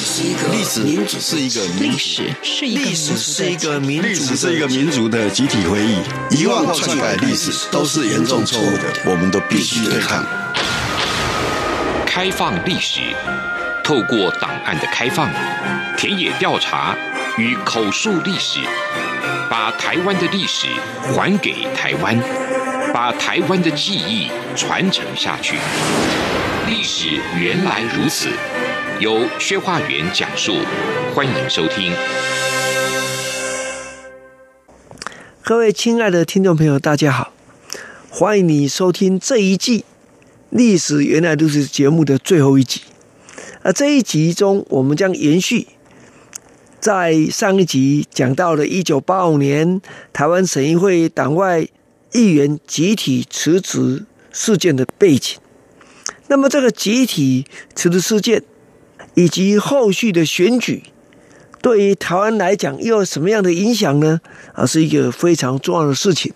歷史民族，是一個歷史，是一個歷史是一個民族是一個民族的，民族的集體回憶，遺忘或篡改歷史都是嚴重錯誤的，我們都必須對抗。開放歷史，透過檔案的開放、田野調查與口述歷史，把台灣的歷史還給台灣，把台灣的記憶傳承下去。歷史原來如此。由薛化元講述，歡迎收聽。各位親愛的聽眾朋友，大家好，歡迎你收聽這一季《歷史原來都是》節目的最後一集。啊，這一集中我們將延續在上一集講到了一九八五年台灣省議會黨外議員集體辭職事件的背景。那麼，這個集體辭職事件。以及後續的選舉，對於台灣來講又有什麼樣的影響呢？是一個非常重要的事情。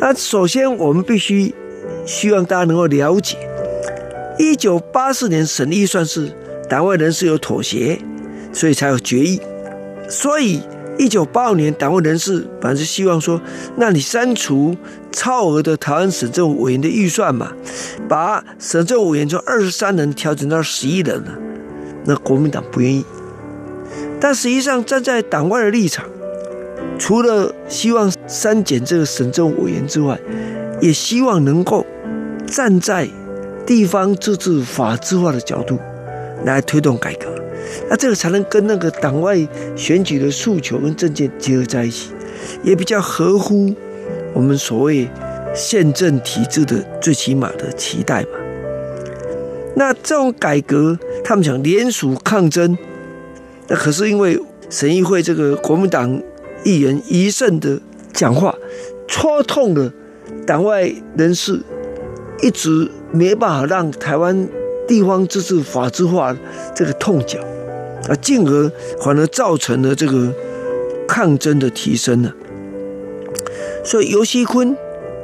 那首先我們必須希望大家能夠了解，一九八四年審議算是黨外人士有妥協，所以才有決議，所以。一九八五年，黨外人士本來是希望說：“那你刪除超額的台灣省政務委員的預算嘛，把省政務委員從二十三人調整到十一人了。”那國民黨不願意。但實際上，站在黨外的立場，除了希望刪減這個省政務委員之外，也希望能夠站在地方自治法治化的角度來推動改革。那這個才能跟那個黨外選舉的訴求跟政見結合在一起，也比較合乎我們所謂憲政體制的最起碼的期待嘛。那這種改革，他們想聯署抗爭，那可是因為省議會，這個國民黨議員一勝的講話，戳痛了黨外人士，一直沒辦法讓臺灣地方自治法制化這個痛腳。啊，進而反而造成了這個抗爭的提升呢。所以游錫堃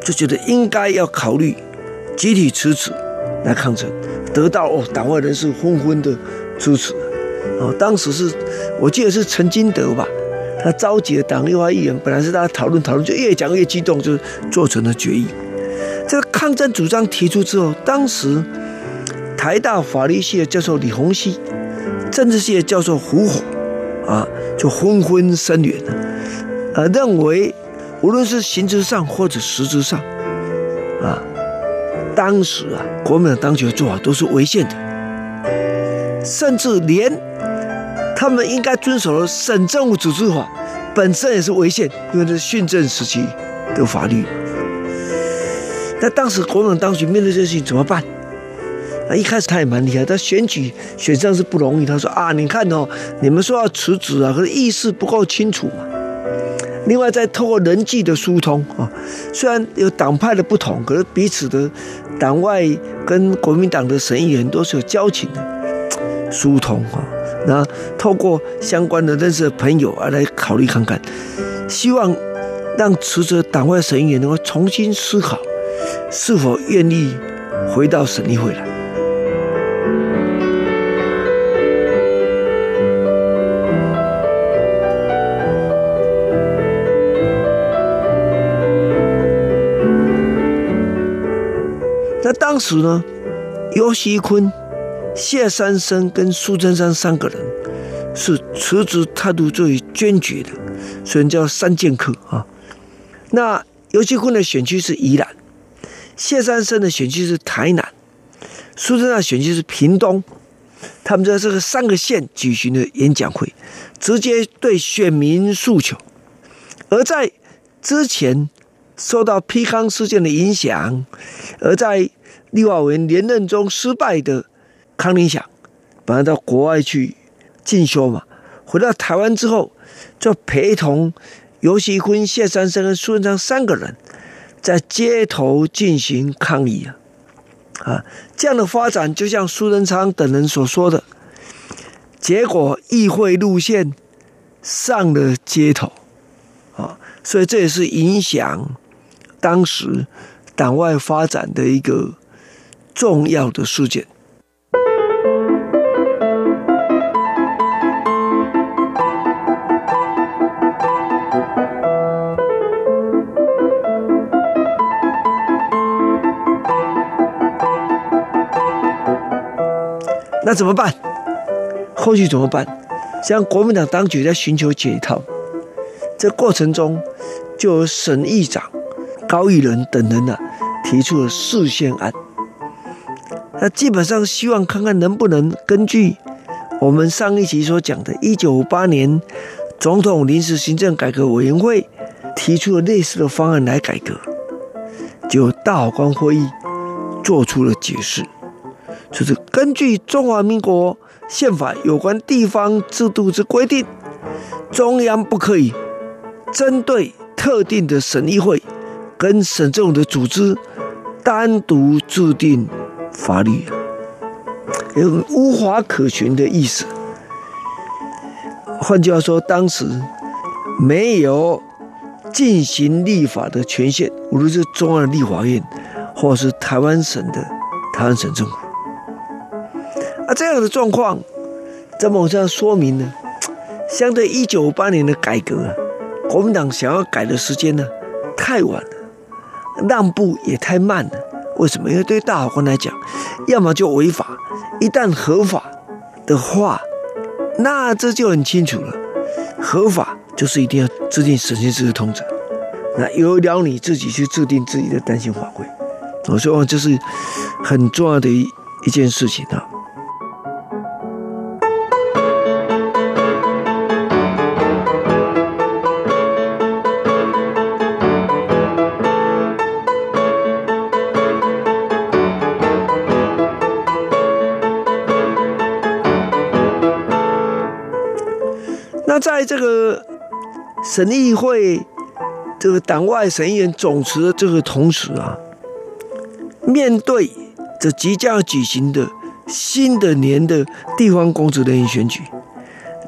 就覺得應該要考慮集體辭職來抗爭，得到哦黨外人士紛紛的支持。哦，當時是我記得是陳金德吧，他召集了黨外議員，本來是大家討論討論，就越講越激動，就做成了決議。這個抗爭主張提出之後，當時台大法律系的教授李鴻禧，政治界叫做“虎火”，啊，就紛紛聲援了。呃，認為無論是形式上或者實質上，啊，當時啊，國民黨當局的做法都是違憲的，甚至連他們應該遵守的《省政府組織法》本身也是違憲，因為這是訓政時期的法律。那當時國民黨當局面對這些事情怎麼辦？一開始他也蠻厲害，他選舉選上是不容易。他說：“啊，你看哦，你們說要辭職啊，可是意思不夠清楚嘛。”另外，再透過人際的疏通啊，雖然有黨派的不同，可是彼此的黨外跟國民黨的省議員都是有交情的，疏通啊，那透過相關的認識的朋友啊來考慮看看，希望讓辭職黨外省議員能夠重新思考，是否願意回到省議會來。當時呢，游錫堃、謝三升跟蘇貞昌三,三個人是辭職態度最堅決的，所以叫三劍客啊。那游錫堃的選區是宜蘭，謝三升的選區是台南，蘇貞昌選區是屏東。他們在這個三個縣舉行的演講會，直接對選民訴求。而在之前受到批康事件的影響，而在。立化為連任中失敗的康寧祥，本來到國外去進修嘛，回到台灣之後，就陪同游錫堃、謝三生跟蘇貞昌三個人在街頭進行抗議啊！啊，這樣的發展就像蘇貞昌等人所說的，結果議會路線上了街頭啊！所以這也是影響當時黨外發展的一個。重要的事件，那怎麼辦？後續怎麼辦？像國民黨當局在尋求解套，這過程中就有省議長、高育仁等人呢、啊，提出了釋憲案。那基本上希望看看能不能根據我們上一集所講的，一九五八年總統臨時行政改革委員會提出了類似的方案來改革，就大法官會議做出了解釋，就是根據中華民國憲法有關地方制度之規定，中央不可以針對特定的省議會跟省政府的組織單獨制定，法律，有種無法可循的意思。換句話說，當時沒有進行立法的權限，無論是中央立法院，或是台灣省的台灣省政府。啊，這樣的狀況，怎麼這樣說明呢？相對一九八年的改革啊，國民黨想要改的時間呢，啊，太晚了，讓步也太慢了。為什麼？因為對大法官來講，要麼就違法；一旦合法的話，那這就很清楚了。合法就是一定要制定省縣自治通則，那由了你自己去制定自己的單行法規。我說，哦，這是很重要的一一件事情啊。在這個省議會這個黨外省議員總辭的這個同時啊，面對這即將要舉行的新的年的地方公職人員選舉，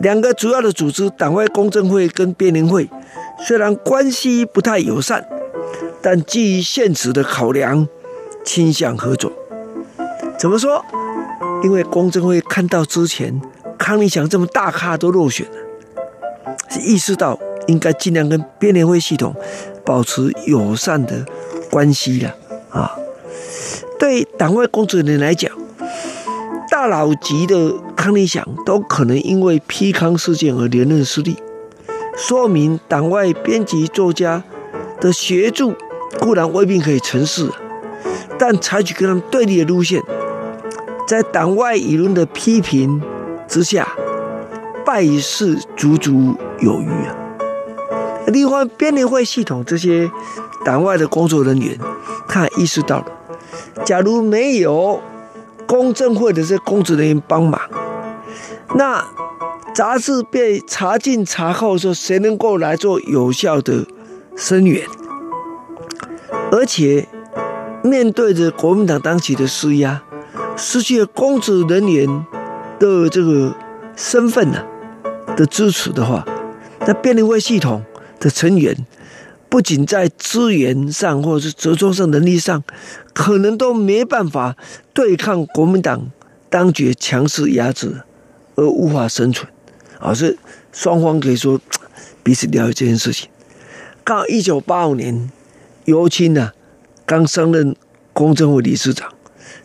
兩個主要的組織黨外公政會跟編聯會雖然關係不太友善，但基於現實的考量，傾向合作。怎麼說？因為公政會看到之前康寧祥這麼大咖都落選了。是意識到應該盡量跟編聯會系統保持友善的關係了啊。對黨外工作人員來講，大佬級的康寧祥都可能因為批康事件而連任失利，說明黨外編輯作家的協助固然未必可以成事，但採取跟他們對立的路線，在黨外輿論的批評之下，敗事足足有餘啊！另外，編聯會系統這些黨外的工作人員，他意識到了，假如沒有公政會的這些公職人員幫忙，那雜誌被查禁查扣的時候，誰能夠來做有效的聲援？而且，面對着國民黨當局的施壓，失去了公職人員的這個身份的、啊、的支持的話，在編聯會系統的成員，不僅在資源上或者是職裝上能力上，可能都沒辦法對抗國民黨當局強勢壓制而無法生存，而是雙方可以說彼此了解這件事情。到一九八五年，尤清呢剛升任公政會理事長，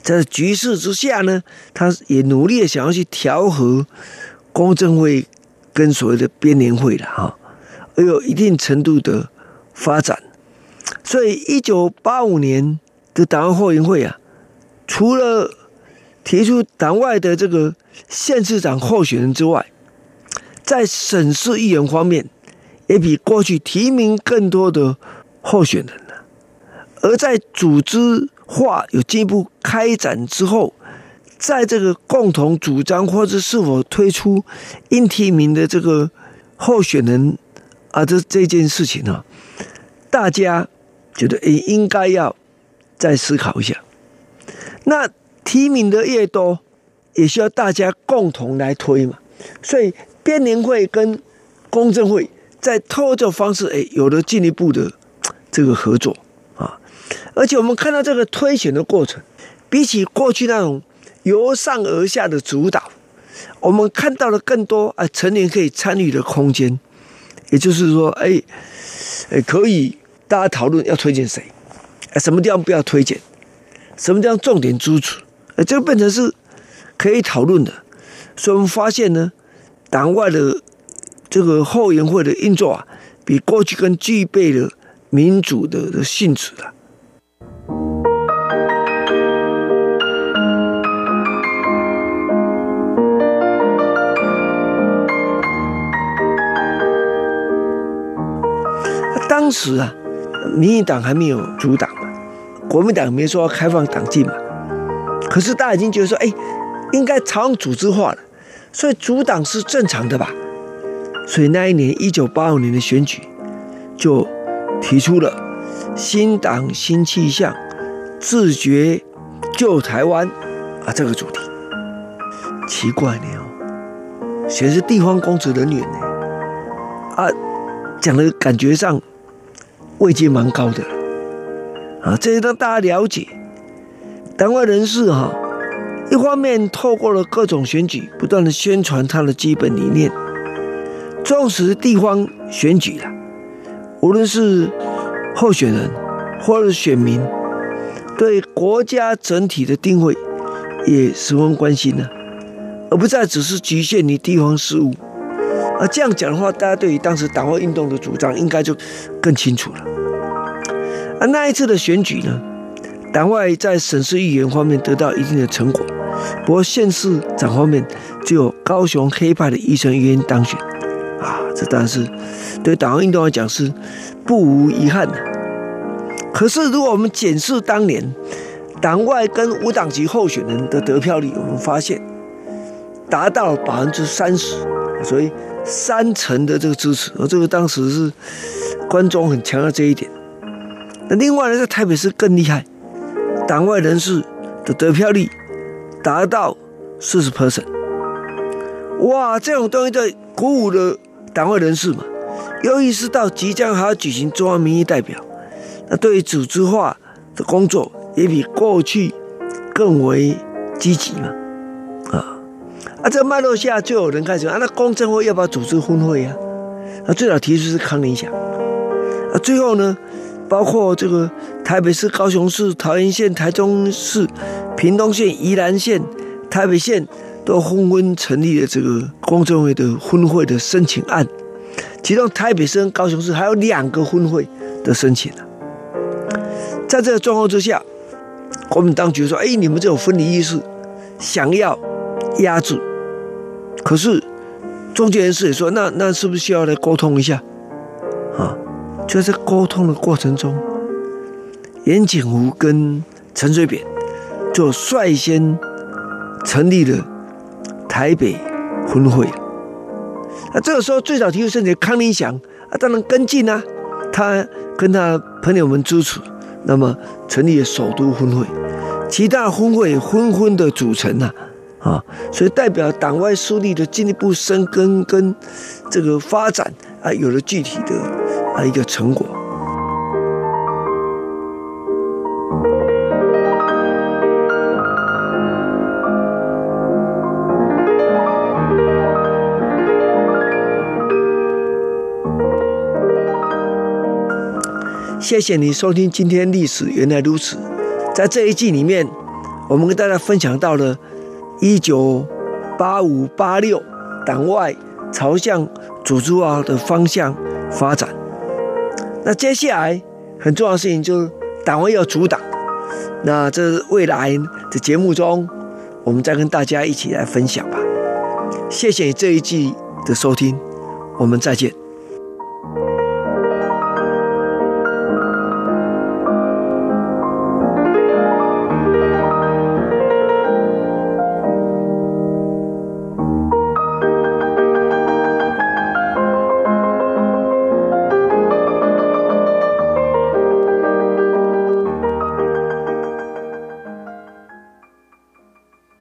在局勢之下呢，他也努力的想要去調和公政會。跟所謂的編聯會了哈，也有一定程度的發展，所以一九八五年的黨外後援會啊，除了提出黨外的這個縣市長候選人之外，在省市議員方面也比過去提名更多的候選人了，而在組織化有進一步開展之後。在這個共同主張或者是否推出應提名的這個候選人啊，這這件事情啊，大家覺得也、欸、應該要再思考一下。那提名的越多，也需要大家共同來推嘛。所以，編聯會跟公政會在拖着方式哎、欸、有了進一步的這個合作啊。而且我們看到這個推選的過程，比起過去那種。由上而下的主導，我們看到了更多啊、呃，成年可以參與的空間，也就是說，哎、欸欸，可以大家討論要推薦誰、欸，什麼地方不要推薦，什麼地方重點支持，這、欸、就變成是可以討論的。所以我們發現呢，黨外的這個後援會的運作啊，比過去更具備了民主的的性質了、啊。當時啊，民進黨還沒有組黨嘛，國民黨沒說開放黨禁嘛，可是大家已經覺得說，哎、欸，應該朝組織化了，所以組黨是正常的吧？所以那一年一九八五年的選舉，就提出了新黨新氣象，自決救台灣啊這個主題，奇怪呢哦，全是地方公職人員呢，啊，講的感覺上。位階蠻高的，啊，這也讓大家了解，黨外人士哈，一方面透過了各種選舉，不斷的宣傳他的基本理念，重視地方選舉了，無論是候選人或者選民，對國家整體的定位也十分關心呢，而不再只是局限於地方事務，啊，這樣講的話，大家對於當時黨外運動的主張應該就更清楚了。而那一次的選舉呢，黨外在省市議員方面得到一定的成果，不過縣市長方面只有高雄黑派的醫生議員當選，啊，這當然是對黨外運動來講是不無遺憾的。可是如果我們檢視當年黨外跟無黨籍候選人的得票率，我們發現達到百分之三十，所以三成的這個支持，而這個當時是觀眾很強調這一點。另外呢，在台北市更厲害，黨外人士的得票率達到四十 percent，哇！這種東西在鼓舞了黨外人士嘛。又意識到即將還要舉行中央民意代表，那對於組織化的工作也比過去更為積極嘛。啊啊！這個脈絡下，就有人開始啊，那公政會要不要組織分會呀、啊？那最早提出是康寧祥啊，最後呢？包括這個台北市、高雄市、桃園縣、台中市、屏東縣、宜蘭縣、台北縣都紛紛成立了這個公政會的分會的申請案，其中台北市、高雄市還有兩個分會的申請、啊、在這個狀況之下，國民黨當局說：“哎、欸，你們這種分離意識，想要壓制。”可是，中間人士也說：“那那是不是需要來溝通一下？”啊。就在溝通的過程中，顏錦福跟陳水扁就率先成立了台北分會。那這個時候，最早提出申請的康寧祥啊，當然跟進啊，他跟他朋友們支持，那麼成立了首都分會，其他分會也紛紛的組成啊啊，所以代表黨外勢力的進一步生根跟這個發展啊，有了具體的。一個成果。謝謝你收聽今天歷史原來如此。在這一集裡面，我們跟大家分享到了一九八五八六黨外朝向組黨化的方向發展。那接下來很重要的事情就是黨要組黨，那這是未來的節目中，我們再跟大家一起來分享吧。謝謝你這一季的收聽，我們再見。